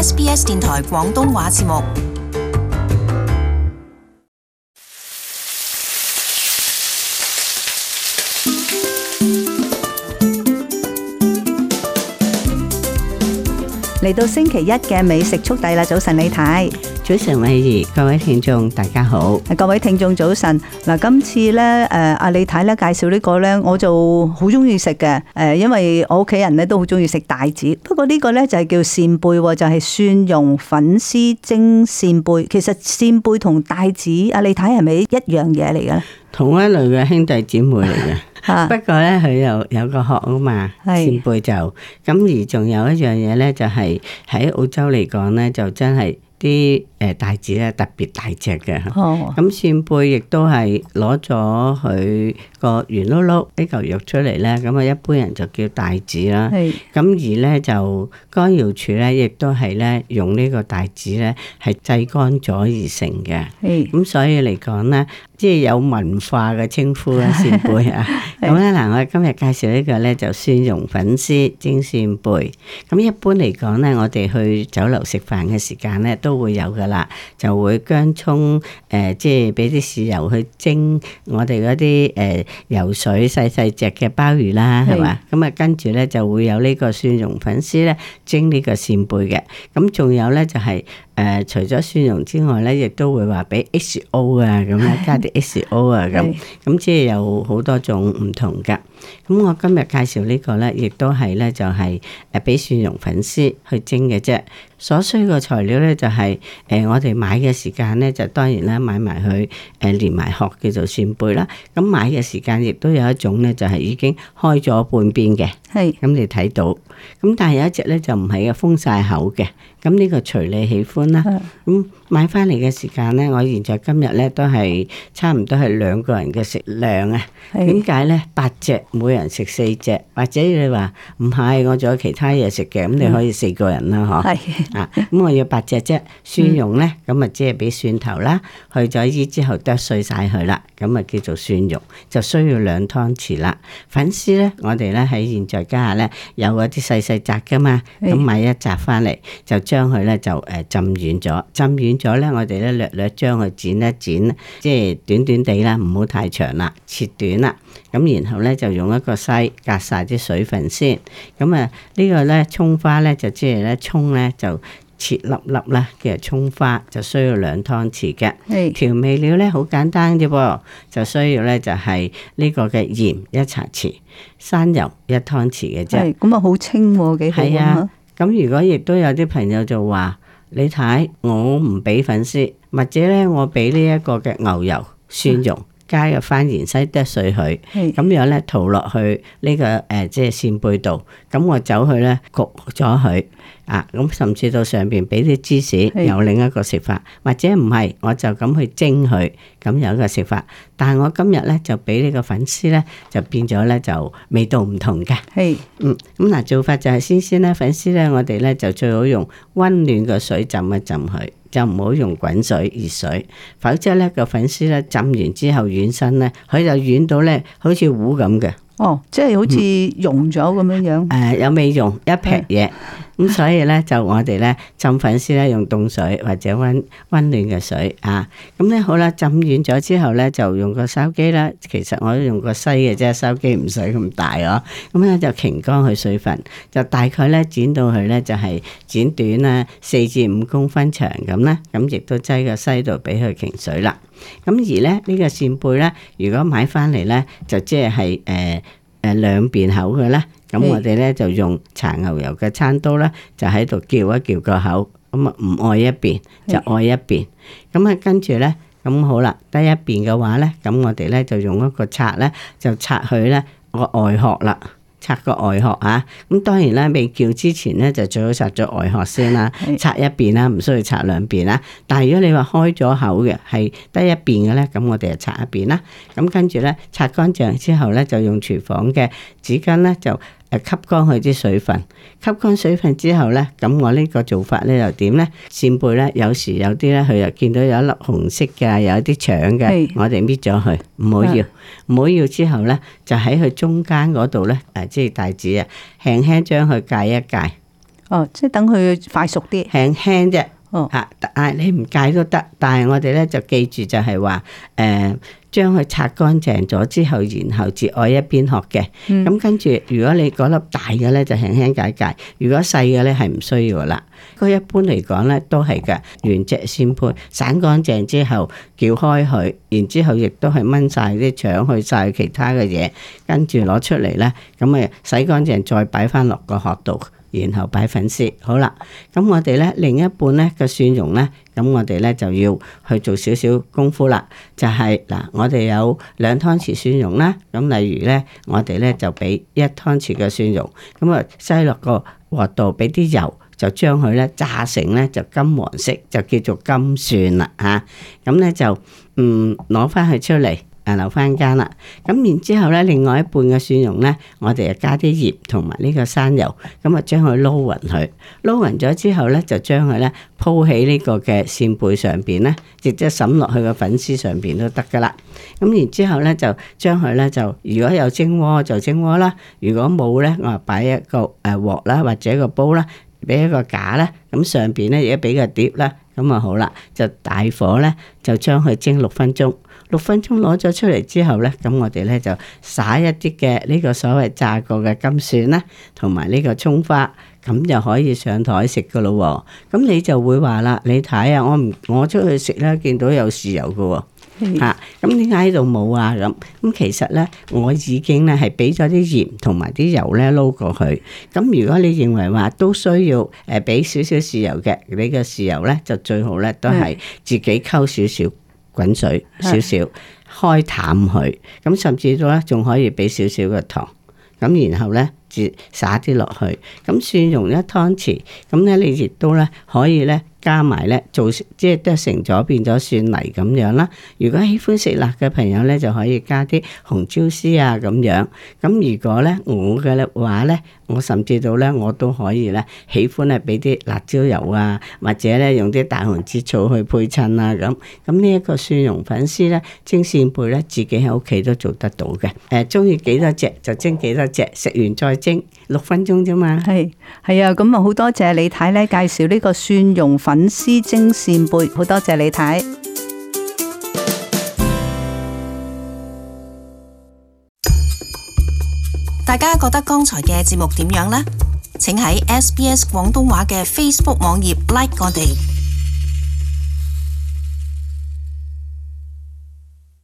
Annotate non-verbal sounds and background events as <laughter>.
SBS 電台廣東話節目。嚟到星期一嘅美食速遞啦！早晨，李太。早晨，美儀，各位聽眾大家好。各位聽眾早晨。嗱，今次呢，誒，阿李太呢介紹呢、呢個呢，我就好中意食嘅。誒，因為我屋企人呢都好中意食帶子，不過呢個呢，就係叫扇貝，就係蒜蓉粉絲蒸扇貝。其實扇貝同帶子，阿李太係咪一樣嘢嚟嘅咧？同一類嘅兄弟姐妹嚟嘅。 <laughs> 不過咧，佢又有個殼啊嘛，扇貝是就，咁而仲有一樣嘢咧，就係喺澳洲嚟講咧，就真係啲。誒帶子咧特別大隻嘅，咁扇貝亦都係攞咗佢個圓碌碌呢嚿肉出嚟咧，咁啊一般人就叫帶子啦。咁是而咧就乾瑤柱咧，亦都係咧用呢個帶子咧係製乾咗而成嘅。咁是所以嚟講咧，即係有文化嘅稱呼啦，扇貝啊。咁咧嗱，我哋今日介紹呢個咧就蒜蓉粉絲蒸扇貝。咁一般嚟講咧，我哋去酒樓食飯嘅時間咧都會有嘅。啦，就會薑葱誒、呃，即係俾啲豉油去蒸我哋嗰啲誒游水細細隻嘅鮑魚啦，係嘛？咁啊是，跟住咧就會有呢個蒜蓉粉絲咧蒸呢個扇貝嘅。咁仲有咧就係、是、誒、呃，除咗蒜蓉之外咧，亦都會話俾 XO 啊咁啦，加啲 XO 啊咁。咁即係有好多種唔同㗎。咁我今日介紹呢個呢，亦都係呢，就係誒，俾蒜蓉粉絲去蒸嘅啫。所需嘅材料呢，就係、是、誒、呃，我哋買嘅時間呢，就當然、呃、啦，買埋佢誒連埋殼叫做扇貝啦。咁買嘅時間亦都有一種呢，就係、是、已經開咗半邊嘅。係是，咁你睇到。咁但係有一隻咧就唔係嘅封晒口嘅，咁、這、呢個隨你喜歡啦。咁是的、嗯、買翻嚟嘅時間咧，我現在今日咧都係差唔多係兩個人嘅食量啊。點解咧？八隻每人食四隻，或者你話唔係，我仲有其他嘢食嘅，咁是的 你可以四個人啦，嗬。係啊，咁、嗯嗯、我要八隻啫。蒜蓉咧，咁啊即係俾蒜頭啦，去咗衣之後剁碎晒佢啦，咁啊叫做蒜蓉，就需要兩湯匙啦。粉絲咧，我哋咧喺現在家下咧有啲。細細紮㗎嘛，咁買一紮翻嚟，就將佢咧就誒浸軟咗，浸軟咗咧，我哋咧略略將佢剪一剪，即係短短地啦，唔好太長啦，切短啦，咁然後咧就用一個篩隔晒啲水分先，咁啊呢個咧蔥花咧就即係咧蔥咧就。切粒粒咧嘅蔥花就需要兩湯匙嘅。調味料咧好簡單啫噃，就需要咧就係呢個嘅鹽一茶匙、山油一湯匙嘅啫。係咁啊，好清，幾好啊！咁如果亦都有啲朋友就話：你睇我唔俾粉絲，或者咧我俾呢一個嘅牛油蒜蓉加入番芫茜剁碎佢，咁樣咧塗落去呢個誒即係扇貝度。咁我走去咧焗咗佢。啊，咁甚至到上邊俾啲芝士，有是另一個食法，或者唔係，我就咁去蒸佢，咁有一個食法。但係我今日咧就俾呢個粉絲咧，就變咗咧就味道唔同嘅。係是，嗯，咁嗱做法就係先先咧粉絲咧，我哋咧就最好用溫暖嘅水浸一浸佢，就唔好用滾水、熱水，否則咧個粉絲咧浸完之後軟身咧，佢就軟到咧好似糊咁嘅。哦，即係好似溶咗咁樣樣。誒、嗯呃，有咩溶？一劈嘢是。 <laughs> 咁所以咧，就我哋咧浸粉絲咧，用凍水或者溫溫暖嘅水啊。咁咧好啦，浸軟咗之後咧，就用個筲箕啦。其實我都用個西嘅啫，筲箕唔使咁大哦、啊。咁咧就瓊乾佢水分，就大概咧剪到佢咧就係剪短啦，四至五公分長咁啦。咁亦都擠個西度俾佢瓊水啦。咁、啊、而咧呢、這個扇貝咧，如果買翻嚟咧，就即係誒誒兩邊口嘅咧。咁我哋咧就用搽牛油嘅餐刀咧，就喺度撬一撬個口，咁啊唔愛一邊就愛一邊，咁啊是跟住咧，咁好啦，得一邊嘅話咧，咁我哋咧就用一個刷咧，就刷佢咧個外殼啦。拆個外殼啊，咁當然啦，未叫之前咧就最好拆咗外殼先啦，的拆一邊啦，唔需要拆兩邊啦。但係如果你話開咗口嘅係得一邊嘅咧，咁我哋就拆一邊啦。咁跟住咧擦乾淨之後咧，就用廚房嘅紙巾咧就誒吸乾佢啲水分，吸乾水分之後咧，咁我呢個做法咧又點咧？扇貝咧有時有啲咧佢又見到有一粒紅色嘅，有一啲腸嘅，的我哋搣咗佢，唔好要，要。唔好要，要之後呢，就喺佢中間嗰度呢，誒、啊，即係大指啊，輕輕將佢界一界。哦，即係等佢快熟啲，輕輕啫。嚇、啊！但係你唔解都得，但係我哋咧就記住就係話，誒、呃、將佢擦乾淨咗之後，然後自愛一邊殼嘅。咁、嗯、跟住，如果你嗰粒大嘅咧就輕輕解解，如果細嘅咧係唔需要啦。嗰一般嚟講咧都係嘅，原隻先配，散乾淨之後撬開佢，然之後亦都係掹晒啲腸，去晒其他嘅嘢，跟住攞出嚟咧，咁誒洗乾淨再擺翻落個殼度。然後擺粉絲，好啦。咁我哋咧另一半咧嘅蒜蓉咧，咁我哋咧就要去做少少功夫啦。就係、是、嗱，我哋有兩湯匙蒜蓉啦。咁例如咧，我哋咧就俾一湯匙嘅蒜蓉，咁啊擠落個鑊度，俾啲油就將佢咧炸成咧就金黃色，就叫做金蒜啦嚇。咁、啊、咧就嗯攞翻佢出嚟。留翻間啦，咁然之後咧，另外一半嘅蒜蓉咧，我哋就加啲鹽同埋呢個山油，咁啊將佢撈匀佢，撈匀咗之後咧，就將佢咧鋪喺呢個嘅扇貝上邊咧，直接冧落去個粉絲上邊都得噶啦。咁然之後咧，就將佢咧就如果有蒸鍋就蒸鍋啦，如果冇咧，我就擺一個誒鑊啦，或者個煲啦，俾一個架咧，咁上邊咧而家俾個碟啦，咁啊好啦，就大火咧就將佢蒸六分鐘。六分鐘攞咗出嚟之後呢，咁我哋呢就撒一啲嘅呢個所謂炸過嘅金蒜啦，同埋呢個蔥花，咁就可以上台食噶咯喎。咁你就會話啦，你睇下、啊、我唔我出去食呢，見到有豉油噶喎嚇，咁點解喺度冇啊咁？咁、啊、其實呢，我已經咧係俾咗啲鹽同埋啲油呢撈過去。咁如果你認為話都需要誒俾少少豉油嘅，你個豉油呢，就最好呢都係自己溝少少。 <laughs> 滾水少少，開淡佢，咁甚至到咧仲可以俾少少嘅糖，咁然後咧，灑啲落去，咁蒜蓉一湯匙，咁咧你亦都咧可以咧。加埋咧，做即係都成咗變咗蒜泥咁樣啦。如果喜歡食辣嘅朋友咧，就可以加啲紅椒絲啊咁樣。咁如果咧我嘅話咧，我甚至到咧我都可以咧，喜歡咧俾啲辣椒油啊，或者咧用啲大紅浙醋去配襯啊咁。咁呢一個蒜蓉粉絲咧蒸扇貝咧，自己喺屋企都做得到嘅。誒、呃，中意幾多隻就蒸幾多隻，食完再蒸，六分鐘啫嘛。係係啊，咁啊好多謝李太咧介紹呢個蒜蓉粉絲。粉絲蒸扇貝，好多謝你睇。大家覺得剛才嘅節目點樣呢？請喺 SBS 廣東話嘅 Facebook 網頁 like 我哋。